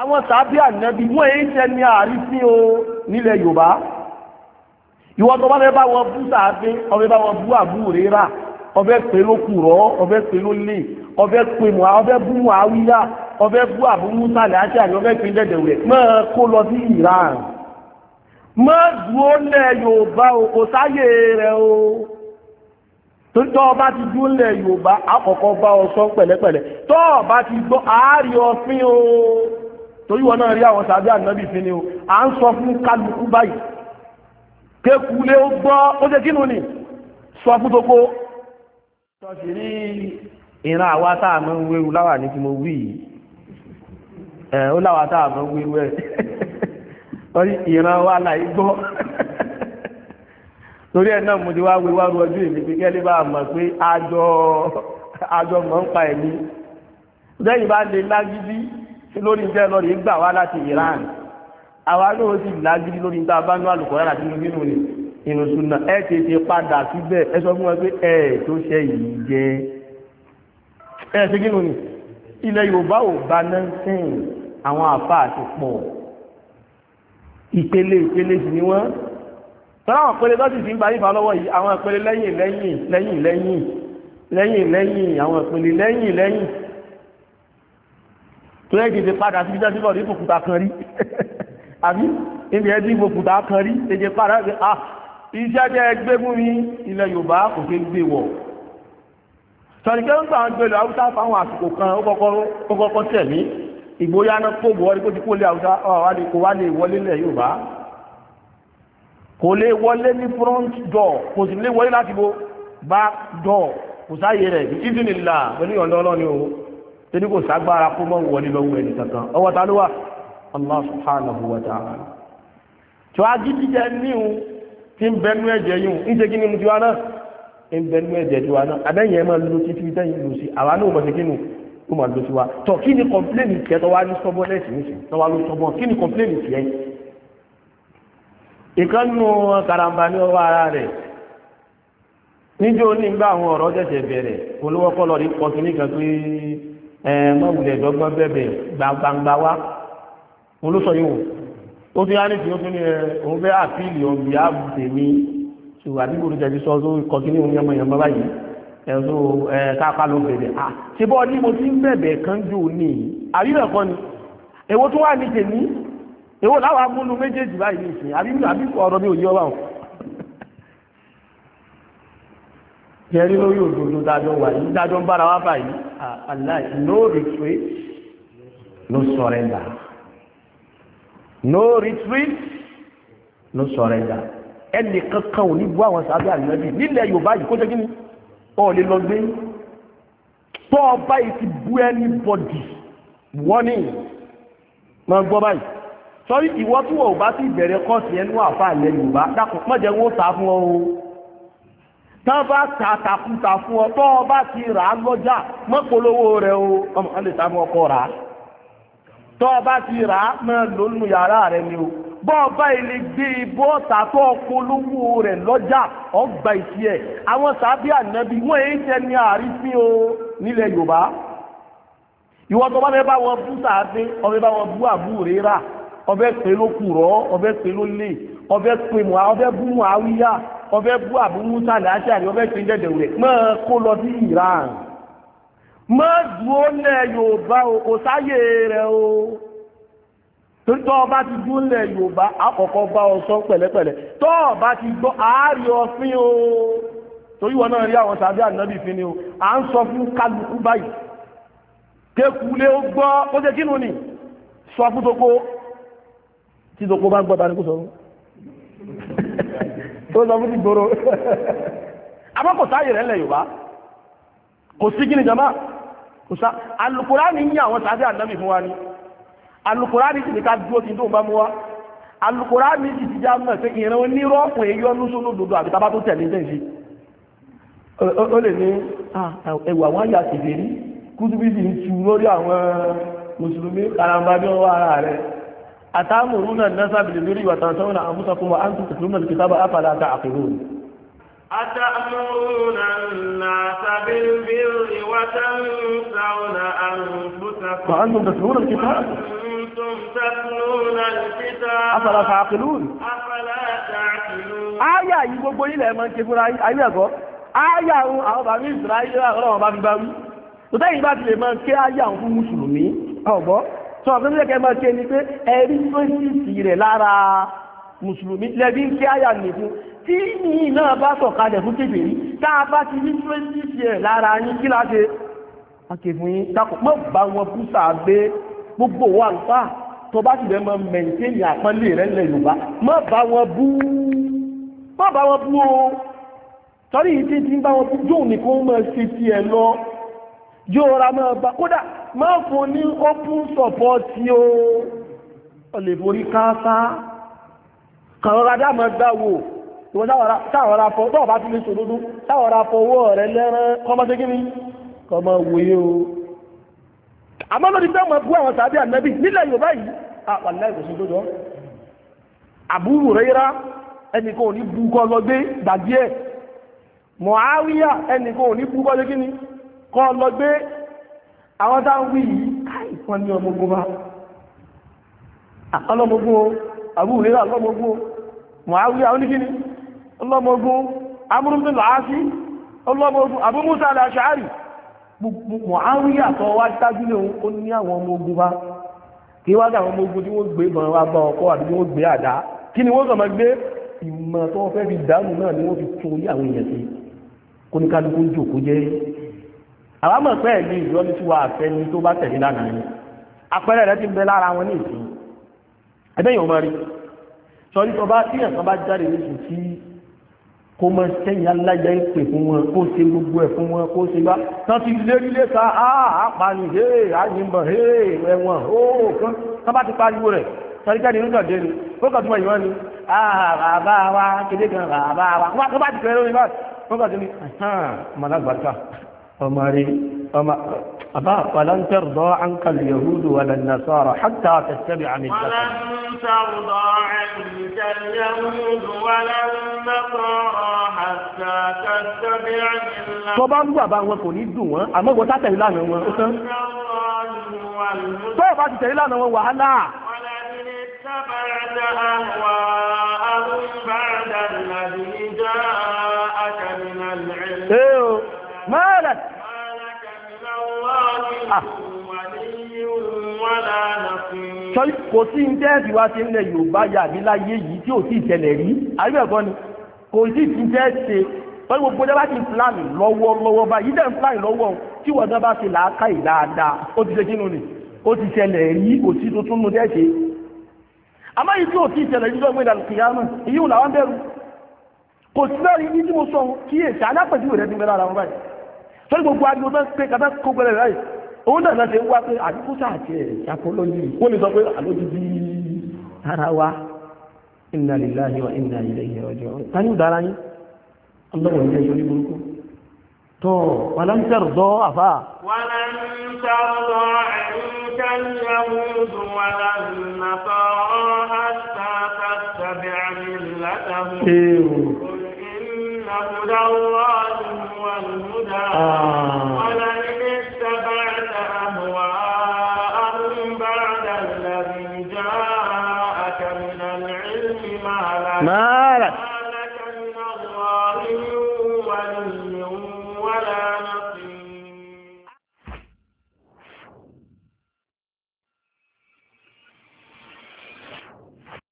àwọn sàábí ànẹ́bí wọ́n èyí jẹ́ ní àrísí o nílẹ̀ Yorùbá ìwọ́n tó bá fẹ́ bá wọn bú sàábí ọbẹ̀ bá wọn bú àbú rírà ọbẹ̀ pé ló kùrọ̀ ọbẹ̀ pé ló lè ọbẹ̀ pé mọ́ ọbẹ̀ bú àwíyá ọbẹ̀ bú àbú musa ní àti àní ọbẹ̀ pé dẹ̀dẹ̀ rẹ̀ mọ́ kó lọ sí Iran mọ́ dúró lẹ̀ Yorùbá o kò sáyè rẹ̀ o tọ́ ọba ti dúró lẹ̀ Yorùbá àkọ́kọ́ bá ọ sọ pẹ̀lẹ́pẹ̀lẹ́ tọ́ ọba ti gbọ́ àárí ọfin o torí wọn náà rí àwọn sàbí ànábì fi ni o à ń sọ fún kálukú báyìí kékulé ó gbọ́ ó ṣe kínú ni sọ fún toko tọ́sí rí ìran àwa tá a máa ń wéru láwà ní tí mo wí yìí ẹ̀ ó láwa tá a máa ń wéru ẹ̀ torí ìran wa láì gbọ́ torí ẹ̀ náà mo ti wá wéwá ru ọjọ́ èmi pé kẹ́lí bá a mọ̀ pé àjọ àjọ mọ̀ ń pa ẹ̀mí lẹ́yìn bá lè lágídí sí lórí ìjẹ́ lọ́rí gbà wá láti Iran àwa náà sì lágídí lórí ìta bá ní àlùkòrán àti inú nínú ni inú súnà ẹ tètè padà síbẹ̀ ẹ sọ fún wọn pé ẹ tó ṣe yìí jẹ ẹ ṣe kí ni ilẹ̀ Yorùbá ò bá náà sìn àwọn àfa àti pọ̀ ìpele ìpele sì ni wọ́n tọ́láwọn pẹ̀lẹ̀ tó sì fi ń bá ìfà lọ́wọ́ yìí àwọn ìpele lẹ́yìn lẹ́yìn lẹ́yìn lẹ́yìn lẹ́yìn lẹ́yìn àwọn ìpele lẹ́yìn lẹ́yìn tó yẹ́ jẹ́ padà sí ìjọ́ síbọ̀ ní fòkúta kan rí àbí ibi ẹ̀ tí fòkúta kan rí jẹ́ padà sí à ah! iṣẹ́ jẹ́ ẹgbẹ́ mú mi ilẹ̀ Yorùbá kò ṣe gbé wọ̀ sọ̀rìkẹ́ ń gbà ń gbèlò Haúsá fáwọn àsìkò kan ó kọ́kọ́ tẹ̀mí ìgbóyá náà kó bọ̀ wọ́n kó lé Haúsá kò wá lè wọlé ilẹ̀ Yorùbá kò lè wọlé ní front door kò sì lè wọlé láti bo back door kò sáyé rẹ̀ ìdúnilà pẹ̀lú ìyọ̀ndọ́ ọlọ́ni o torí kò ságbára kó mọ́ wọlé lọ́wọ́ ẹni kankan ọwọ́ ta ló wà Allah subhanahu wa ta'ala tí wàá gidi jẹ níhun tí ń bẹnu ẹ̀jẹ̀ yìí ń ṣe kí ni mo ti wá náà ń bẹnu ẹ̀jẹ̀ ti wá náà abẹ́yẹn ẹ̀ máa lo títí tẹ́yìn lò sí àwa náà mọ̀ sí kí nù máa lo sí wa tọ̀ kí ni kọ̀mpléènì tiẹ̀ tọ́ wá ní sọ́bọ́ lẹ́sì nísì tọ́ wá ló sọ́bọ́ kí ni kọ̀mpléènì tiẹ̀ ìkànnù karambà ní ọwọ́ ara rẹ̀ níjó nígbà àwọn ọ̀rọ̀ tẹ̀sẹ̀ bẹ̀rẹ̀ olówó kọ́lọ́ rí pọ̀ sí nígbà pé ẹ mọ̀wùlẹ̀ dọ́gbọ́n bẹ̀bẹ̀ gbangba wa mo ló sọ yìí o ó ti yá ní tìǹbù ní ẹ òun fẹ́ àpíìlì ọ̀hún bí áàbù tèmi ṣùgbọ́n àdúgbò ló jẹ́bi sọ́ọ́ sórí kọ́kí ní òun yẹmọ yẹmọ báyìí ẹ tó ẹ káàpá ló bẹ̀bẹ̀ à ṣe bọ́ ní mo ti ń bẹ̀bẹ̀ kan jù ní àríwẹ̀ kan ni èwo tó wà ní tèmi èwo láwa múnú méjèèjì báyìí ní ìsìn àbí ọ̀rọ̀ mi ò yí ọ jẹ́rí lórí òdòdó dájọ́ wà yìí dájọ́ ń bára wá báyìí aláì no retreat no surrender no retreat no surrender ẹnì kankan ò ní bú àwọn sábẹ́ ànábì nílẹ̀ yorùbá yìí kó jẹ́ kíni ọ̀ lè lọ gbé tọ́ ọba yìí ti bú ẹni bọ̀dì wọ́nì máa gbọ́ báyìí sọ́rí ìwọ́ tí wọ́n ò bá ti bẹ̀rẹ̀ kọ́ọ̀sì ẹnu àfa àlẹ́ yorùbá dákùn mọ́jẹ́ wọn ó ta fún ọ o tá bá ta takuta fún ọ tó o bá ti rà á lọ́jà mọ́polówó rẹ o ọmọ wọn lè sábà ọkọ rà á tó o bá ti rà á máa lò nínú yàrá rẹ ni o bọ́ ọ bá ilé gbé ibú ọ̀tà tó o polówó rẹ lọ́jà ọgbà ìṣí ẹ̀ àwọn sábì ànábì wọ́n èyí jẹ́ àrífín o nílẹ̀ Yorùbá ìwọ tó bá fẹ́ bá wọn bú sàáfin ọbẹ̀ bá wọn bú àbúrè rà ọbẹ̀ pé kùrọ̀ ọbẹ̀ pé lè ọbẹ̀ pé àwíyá ọbẹ̀ bú àbú musa láti àrí ọbẹ̀ tí ń dẹ̀dẹ̀ rẹ̀ mọ́ kó lọ sí Iran mọ́ dúó lẹ̀ Yorùbá o kò sáyè rẹ̀ o torítọ́ ọba ti dúó lẹ̀ Yorùbá àkọ́kọ́ bá ọ sọ pẹ̀lẹ́pẹ̀lẹ́ tọ́ ọba ti gbọ́ àárí ọfin o torí wọn náà rí àwọn tàbí ànábì fi ni o à ń sọ fún kálukú báyìí kékulé ó gbọ́ ó ṣe kínú ni sọ fún toko tí toko bá ń gbọ́ ta ni kò sọ tó lọ fún ìgboro abọ́kò sáyè rẹ̀ lẹ̀ yorùbá kò sí kí ni jama kò sá alukurani ń àwọn fún wa ni alukurani si ní ká dúró tí tó bá mú wa alukurani ti já mọ̀ èyí dodo àbí tábà tó tẹ̀lé tẹ̀sí ó lè ní ẹwà wọn yà ń tu lórí àwọn mùsùlùmí karambá ara أتأمرون الناس بالبر وتنسون أنفسكم وأنتم تتلون الكتاب أفلا تعقلون أتأمرون الناس بالبر وتنسون أنفسكم وأنتم تتلون الكتاب وأنتم تتلون الكتاب أفلا تعقلون أفلا تعقلون آية يقول إلى من كفر آية أقول áyà àwọn bàbá Israẹli àwọn ọba bíbá wí. Tòtẹ́yìn bá ti lè máa ké áyà fún Mùsùlùmí, ọ̀gbọ́n sọ ọ̀gbìn lẹ́kẹ̀ẹ́ máa ṣe ni pé ẹ̀rí fẹ́sìtì rẹ̀ lára mùsùlùmí lẹ́bí ń kí àyà nìkún tí yìí náà bá sọ̀kalẹ̀ fún kébè yìí tá a bá ti rí fẹ́sìtì rẹ̀ lára yín kí láti akẹ́fún yín dákò mọ́ bá wọn kú sàgbé gbogbo wa ń fà tó bá ti bẹ́ẹ̀ mọ mẹ̀ǹtẹ́nì àpọ́nlé rẹ̀ lẹ̀ Yorùbá bá wọn bú má fún ní open support tí ó lè borí káásá kàrọ̀rọ̀ dámọ̀ gbáwò ìwọ̀n sáwọ̀rá fọ́ tó ọ̀bá tí lè ṣòdodo sáwọ̀rá fọwọ́ rẹ̀ lẹ́rán kọmọ sí kíní kọmọ wòye o àmọ́ lórí pé ọmọ ẹ̀kú àwọn sàbí ànábì nílẹ̀ Yorùbá yìí àpàlẹ́ ìkòsí tó jọ àbúrò rẹ̀ rá ẹnìkan ò ní bú kọ́ lọ gbé gbàgbé ẹ̀ Mùáwíyà ẹnìkan ò ní bú kọ́ lọ gbé àwọn tá ń wí yìí káì fún ní ọmọgbó bá ọlọ́mọgbó àbúrúrẹ́ ọlọ́mọgbó mọ̀háwíyà oníkíní ọlọ́mọgbó amúrúmìláàáfí ọlọ́mọgbó àbúmúsà aláṣàárì mọ̀háwíyà tó wá tájúlé ó ní àwọn ọmọgbó bá kí wá dáwọn ọmọgbó tí wọ́n gbé ìbọn wá gbá ọkọ́ àbí wọ́n gbé àdá kí ni wọ́n kàn máa gbé ìmọ̀ tó fẹ́ fi dánù náà ni wọ́n fi tún orí àwọn èèyàn sí kóníkálukú jòkó jẹ́ àwọn àmọ̀ pé ẹ̀mí ìyọ́nú tí wà fẹ́ ni tó bá tẹ̀lé lánàá ni àpẹẹrẹ rẹ ti ń bẹ lára wọn ní ìsìn ẹgbẹ́ yìí ò mọ rí sọrí tó bá tí ẹ̀sán bá jáde lóṣù tí kó mọ sẹ́yìn alájà ń pè fún wọn kó ṣe gbogbo ẹ̀ fún wọn kó ṣe bá tán ti lérí lẹ́sà á àpàní hee àyìnbọn hee ẹ̀wọ̀n óò kan tán bá ti pariwo rẹ̀ sọrí jáde nínú ìjọ̀dé ni ó kàn túmọ̀ ìwọ́n ni bàbá kéde kan bàbá wa wọ́n bá ti pẹ̀lú فماري فما أبا فلن ترضى عنك اليهود ولا النصارى حتى تتبع ملتك ولن ترضى عنك اليهود ولا النصارى حتى تتبع ملتك طبعا هو أبا وكل يدوا أما هو تاتي لنا هو طبعا تاتي لنا هو هلا ولن اتبعت أهواءهم بعد الذي جاءك من العلم Ah. kò sí ń tẹ́ẹ̀sì wá sí ilẹ̀ Yorùbá yàbí láyé yìí tí ò sí ìtẹ̀lẹ̀ rí àríwẹ̀kọ́ ni kò sí ti tẹ́ẹ̀sì wọ́n gbogbo jẹ́ bá ti plan lọ́wọ́lọ́wọ́ bá yìí dẹ̀ ń plan lọ́wọ́ tí wọ́n dá bá ti làákà yìí dáadáa ó ti ṣe kínú ni ó ti ṣẹlẹ̀ rí kò sí tuntun nu tẹ́ẹ̀sì àmọ́ yìí tí ò sí ìtẹ̀lẹ̀ rí lọ́gbìn ìdàlùkìyàmù èyí ò làwọn bẹ̀rù kò sí lẹ́rìí ní tí mo sọ kí èsì alápẹ̀jú rẹ̀ ti mẹ́ra ara òun náà láti wá pé àdúgbòsà àti ìṣàkóló yìí wọ́n lè sọ pé àlójú bí ara wa inna lillahi wa inna ilayhi raji'un ta ní ìdára yín ọlọ́wọ̀n ilé ìṣòrí burúkú tó wàlántẹ́rù dọ́ máa